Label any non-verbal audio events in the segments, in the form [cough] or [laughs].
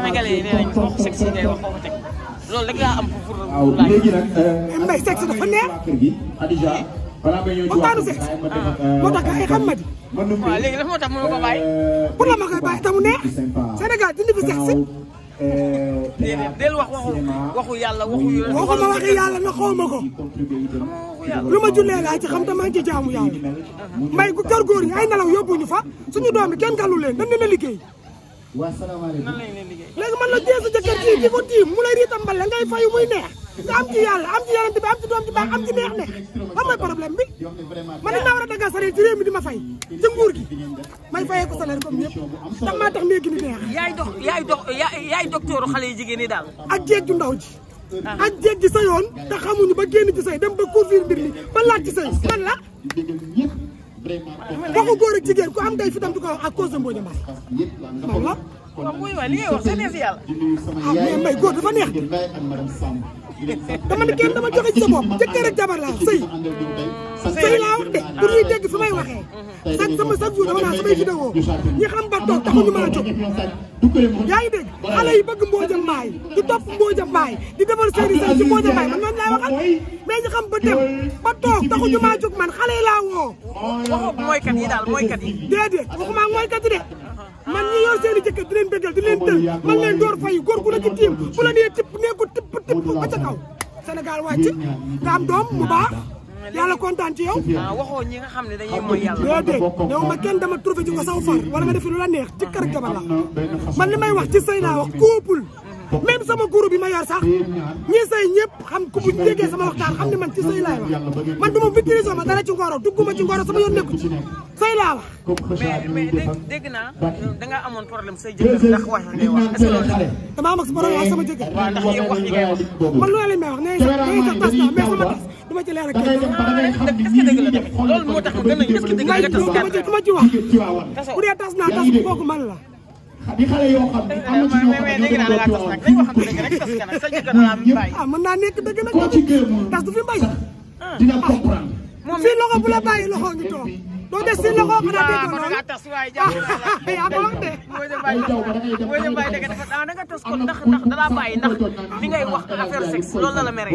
Sénégalais yi nee nañu wax sexe yi ngay wax foofu teg loolu rek laa am pour laaj. léegi nag. Euh, eh, mbay sexe dafa neex. Adja eh? balaa may ñëw ci waxtu bi ah. euh, moo tax gars yi xam ma di. waaw léegi dafa moo tax mënu ko bàyyi. Euh, pour la ma koy bàyyi tamu neex. Sénégal dindi fi sexe. déedéet del wax waxu waxu yàlla waxu yàlla. waxuma waxi yàlla na xaw ma ko. lu ma jullee laa ci xam te maa ngi ci jaamu yàlla. mbay kër góor yi ay nelaw yóbbuñu fa suñu doom yi kenn galu leen dañu leen a liggéey. waa salaamaaleykum nan lañ leen léegi man la jël sa jëkkër kii di ko tiim mu lay riitam mbal ngay fayu muy neex nga am ci yàlla am ci yonent bi am ci doom ci baax am ci neex neex ba mooy problème bi man dañ laa war a daggal salaire ci réew di ma fay ci nguur gi may fayee ko salaire comme ñëpp ndax jigéen ñi daal. ak jéeg ju ndaw ji. Ah. ak jéeg ji sayoon te xamuñu ba génn ci say dem ba couvrir mbir mi ba laaj ci say man waxu góor ak jigéen ku am day fitam du ko a à cause de a Mbaye lan la. waaw muy waay li ngay wax seen yàlla. ah mais dama ne dama joxe ci sa jabar laa sëy. sëy laa wax de pour ñuy dégg fi may waxee. sama chaque jour dama naa samay vidéo ñi xam ba toog taxuñu mën a jóg. yaa ngi dégg xale yi bëgg di topp Mbodj Mbaye di defar seen i sëy ci Mbodj Mbaye man noonu laay waxal. lañ xam ba dem ba toog taxuñu maa jóg man xale yi laa woo. waxoo mooykat yi daal de. man ñi yor i jëkkër di leen bégal di leen tël man leen door fayu góor gu la ci tiim bu la nee tipp nee ko tipp tipp ba ca kaw. Sénégal wàcc nga am doom mu baax. yàlla kontaan ci yow. ah waxoo ñi nga xam ne dañuy mooy yàlla. déedéet néew ma kenn dama trouvé ji ko saw nga def lu la neex jëkkër man li may wax ci naa wax couple. même sama guru bi ma yor sax ñi sëy ñëpp xam ku bu déggee sama waxtaan xam ne man ci sëy laay man du ma victimisé dara ci ngoro dugguma ci ngoro sama yoon nekku ci sëy laa wax. mais naa da nga amoon problème say jëkkër sama wax sama jëkkër. waaw loolu lañ wax nee sax nee leer ak kenn. Ah, est-ce que wax bu dee tas naa tas kooku man la a xale yoo xam ne am na ci ñoo xam ne ñoo doon doon tuwaat tas fi mbay. dina loxo bu la loxo ngi toog doo des si loxo xanaa déggoo noonu ah yaa ko tas ko ndax ndax da laa bàyyi ndax ngay wax affaire sexe loolu la la mere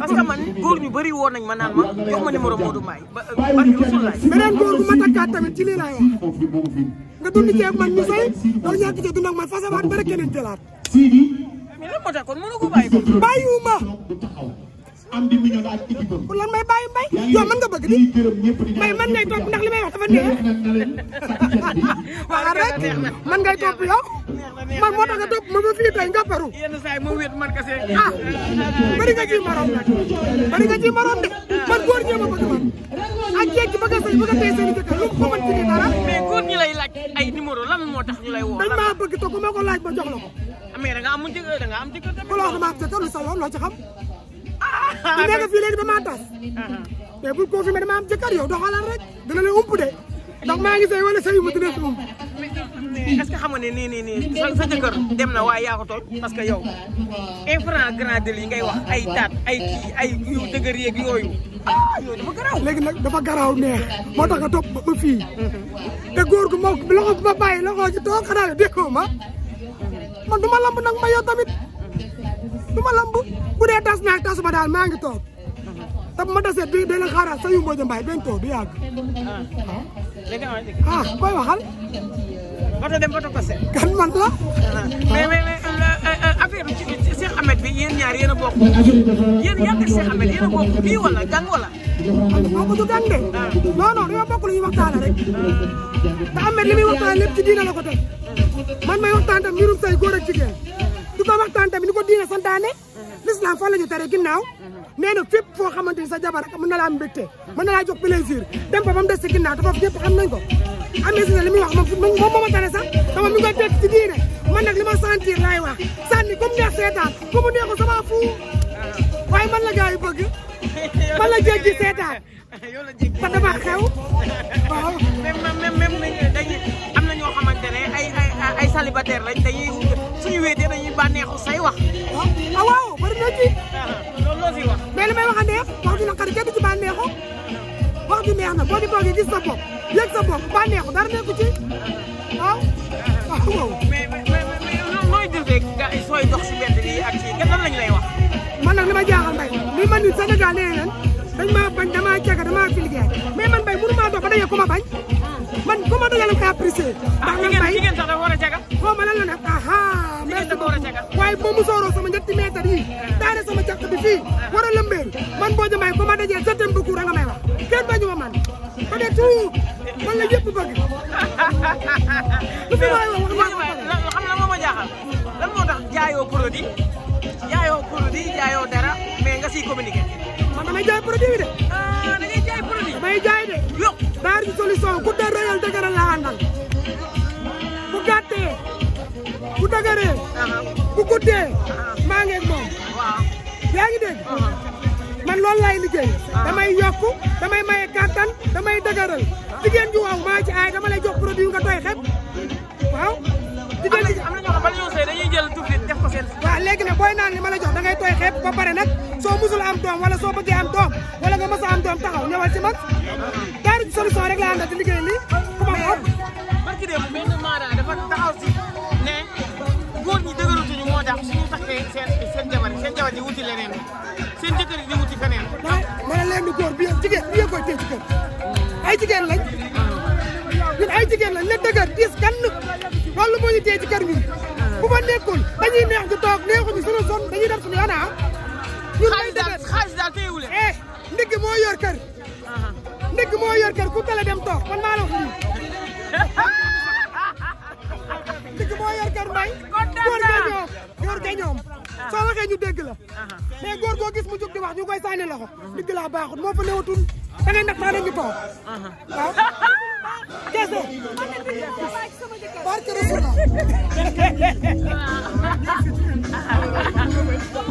parce man góor ñu bëri nañ ma naan ma jox ma numéro Modou Mbaye ba ban beneen góor bu ma waat tamit ci lii laay wax nga dund ceeb man ñu say loolu ñàkk ci dund ak man fase waat ba rek keneen jëlaat. mais lan moo tax kon mënu ko bàyyi ko. am di million ak équipe am. lan may bàyyi mbay. yow mën nga bëgg di mbay mën ngay topp ndax li wax dafa neex. [laughs] waaw rek mën ngay topp yow. man tax nga nga paru. ah bëri nga ci morom nag bëri nga ci morom de man góor ñee ma bëgg man. ak jéggi bëgg a bëgg a téye seen i ko mën ci dara. Ah? mais góor ñi lay laaj ay numéro lan moo tax ñu lay woo. dañ bëgg laaj jox ah, nga am nga am lu sa ci xam. Ya, bu nekk fii léegi damaa tas mais bu confirmé dama am jëkkër yow doxalal rek dina la ump de ndax maa ngi sëy wala sëyu ma dina ko est ce que xam nga ne sa jëkkër dem na waaye yaa ko parce que yow grand ngay wax ay ay ay yu ah yooyu dafa garaaw neex moo nga topp ba fii te góor gu ma loxo gu ma loxo ci toog xanaa déggoo ma man lamb ma yow tamit ma lamb bu atas tas naag tasuma daal maa ngi toog te bu ma tasee di dina xaaral sa yu Mbodj Mbaye ah koy waxal. bato dem bato tase. kan man la. mais mais mais affaire ci Cheikh Ahmed bi yéen ñaar yéen bokk Cheikh Ahmed yéen bokk bii wala gang wala. xam nga gang de. non non dañoo bokk lu ñuy waxtaanee rek. te Ahmed li muy waxtaan lépp ci diina la ko teg ko waxtaan tamit ni ko diine santaane mhm. l'islam fa la ñu tere ginnaaw mhm. nee na fépp foo xamante ni sa jabar mën na laa mbégte mën na laa jox plaisir dem ba ba mu des si ginnaaw te foofu ñëpp xam nañ ko amee si ne li muy wax moom moom moo ma tane sax dama mi ngi koy teg ci diine man nag li seetaan ku mu neexu sama ah. la gars seetaan [laughs] te dama xew neex na boo ci toogee gis sa bopp yëg sa bopp ba neexu dara nekku ci waaw waaw. mais mais mais nooy jëfee gaa yi sooy dox si mbedd yi ak si gerte lañ lay wax. man nag li ma jaaxal mbay li man nit Sénégal nee leen dañ maa bañ damaa caka damaa fil mais man mbay mënu maa dox ba daje ku ma bañ. man bu ma dugaloon ka apprécié. ah jigéen jigéen sax dafa a jaga. xaw ma lan la nag aha. merci beaucoup waaye boo mu sooroo sama ñetti mètre yi. daane sama càq bi fii. war a lëmbeen man boo jëmbaay ma dajee joteem bu kuur nga kenn bañu man. ba de man la yëpp bëgg. [laughs] lu fi may wax wax naa ko jaayoo produit jaayoo dara mais nga siy communiqué. man damay jaay produit bi de. Ah, jaay de. yokku baar yu ku dara. dëgëral la bu gàttee bu dëgëree bu guddee maa ngi ak moom yaa ngi man loolu laay liggéey damay yokk damay maye kàttan damay dëgëral jigéen ju waaw maa ci aay dama lay jox produit nga tooy xep waaw jigéen def ko seen waaw léegi nag booy naan li ma la jox da ngay tooy xeeb ba pare nag soo musul am doom wala soo bëggee am doom wala nga mës a am doom taxaw ñëwal ci mag daara ji solution rek la di liggéey lii ku ma xob barki démb benn maara dafa taxaw si ne góor ñi dëgërutuñu moo tax suñu taxee seen ci kër ay jigéen lañ ñun ay jigéen lañ la dëgër diis gann loolu moo ñu téye ci kër bu ma nekkul dañuy neex di toog neexuñu sunu zone dañuy dem suñu yoon ah. ñun lay dëgër daal téyewu leen. eh moo yor kër. moo yor ku tale dem toog man maa la wax nii. [laughs] moo yor kër mbay. góor ñoom góor ga ñoom. soo waxee ñu dégg la. mais góor goo gis mu jóg wax ñu koy sànni loxo. ndig laa baaxut moo fa newatul da ngay ah. [laughs] nag maa ngi toog. waaw.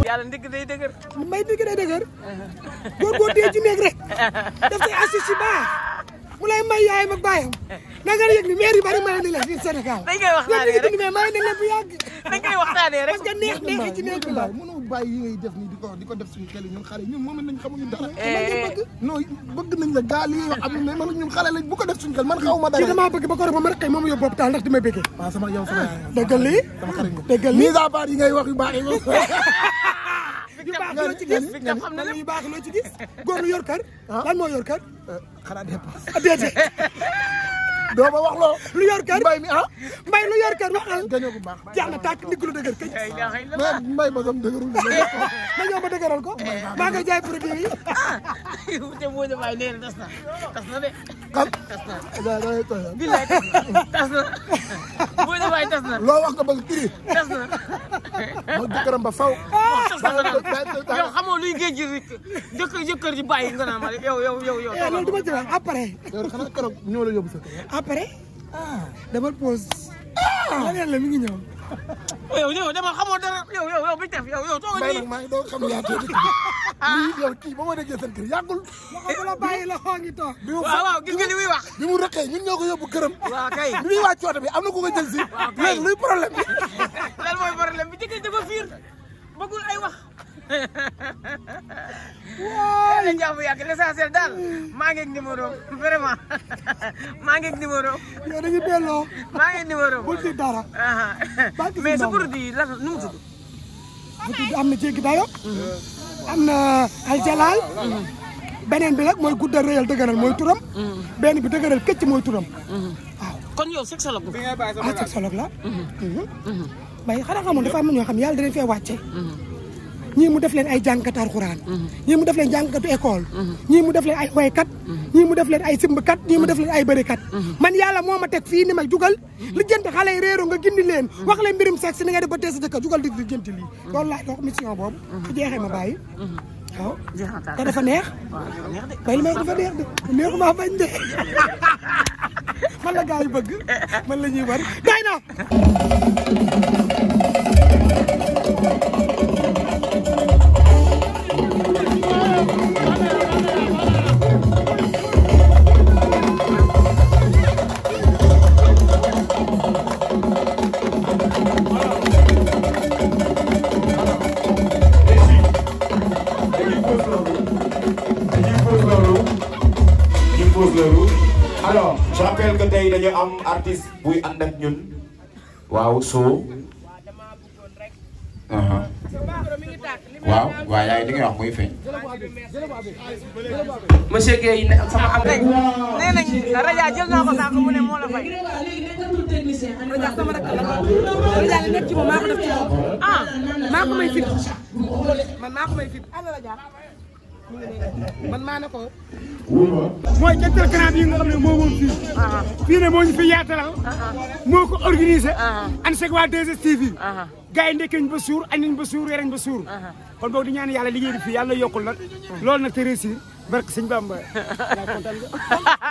yàlla ndigg day dëgër. may ndigg day dëgër. góor góor dee ci néeg rek. daf say assis si baax. mu lay may yaayam ak baayam na nga yëg ni maire yu bari mën nañ la fii Sénégal. dañ koy waxtaanee rek mais maa ngi leen bu yàgg. dañ koy waxtaanee rek parce que neex neex ci neex bi la. mënoo bàyyi yi ngay def nii di ko wax di ko def suñu xel yi ñun xale ñun moom nañ xamuñu dara. Eh. bëgg non bëgg nañ la gaal yi yoo xam ne mais man ñun xale lañ bu ko def suñu xel man xaw ma dara. ci damaa bëgg ba ko rek ma xëy moom yóbbu hôpital ndax di may bëggee. waaw sama yow sama dëggal lii dëggal lii mise à part yi ngay wax yu baax yi yu baax loo ci gis victime xam na lépp yu baax loo ci gis góor lu yor kër ah. lan moo yor kër euh, xanaa dépense ah, déedéet [laughs] doo ma wax loo. lu yor kër mbay mi ah. mbay lu yor kër waxal. gañoo bu baax jeex na tàkk ndigg lu dëgër këj. mais mbay ma sam dëgërul. [laughs] ma ñëw ma dëgëral ko. maa ngi jaay produit yi. Ah, [laughs] te boo demee waaye nee na tas na tas na de. xam tas na. waaw da ngay tooy ah. bilaay tas na boo demee waaye tas na. loo wax nga bëgg prix. tas na. moom jëkkëram ba faw. Ah, yow xamoo luy géej gi rek jëkkër jëkkër ji bàyyi nga naan ma yow yow yow yow. Eh, loolu dama jëlaat après. yow xanaa keroog ñoo la yóbbu sa kër. Ah, pare. ah demal pause. ah la mi ngi ñëw. yow yow dama xamoo dara yow yow yow bi tef yow yow. toog nii maa ngi doon xam yaa tuuti kii [laughs] yow kii ba ma déggee seen kër yàggul. wax. bi mu rëqee ñun ñoo ko yóbbu këram. waaw kay bi bi am ku ko jël si. [laughs] waaw kay léegi luy problème bi. [laughs] lan mooy problème bi jëkkër dafa waaw yéen a jàmm yàgg l'essentiel daal maa ngi ak numéro vraiment maa ngi ak numéro. yow dañuy delloo. maa ngi ak numéro bul ci dara. mais sa produit lan nu mu tudd. produit bi am na jéggi dayo am na aljalaal. beneen bi nag mooy guddal réyal dëgëral mooy turam. benn bi dëgëral këcc mooy turam. waaw kon yow sexologue la. ah sexologue la. mais mhm. mhm. mhm. xanaa xamul dafa am na ñoo xam yàlla dinañ fee wàcce. ñii mu def leen ay jàngkatu alxuraan ñii mu def leen jàngkatu école ñii mu def leen ay woykat ñii mu def leen ay simbkat ñii mu def leen ay bërikat man yàlla moo ma teg fii ni ma jugal li jënt xale yi réero nga gindi leen wax leen mbirum sexe ni nga def ba tee sa jëkka jugal di li lii loolu laay dox mission boobu su jeexee ma bàyyi waaw te dafa neex bay li may dafa neex de neexu maa bañ de [laughs] man la gars yi bëgg man la ñuy war day na am artiste buy ànd ak ñun waaw soo uh-huh. waaw waaye yaay li ngay wax muy feeñ. monsieur Guèye ne sama am rek nee nañ rajo jël naa ko sànq mu ne moo la fay. a sama rakk la rajo li nekk ci moom ah, maa ko may fit man maa may fit. man maa ne ko. mooy jëntal canal bii nga xam ne moo woon fii. Uh-huh. fii ne moo ñu fi uh-huh. moo ko organisé. Uh-huh. ànd seeg waa 2STV. gars yi ndekkiñ ba suur añ nañ ba suur reer ba suur. kon boog di ñaan yàlla liggéey bi fii yàlla yokkul nag. loolu nag te réussir barke sëñ Bamba. [laughs] [laughs]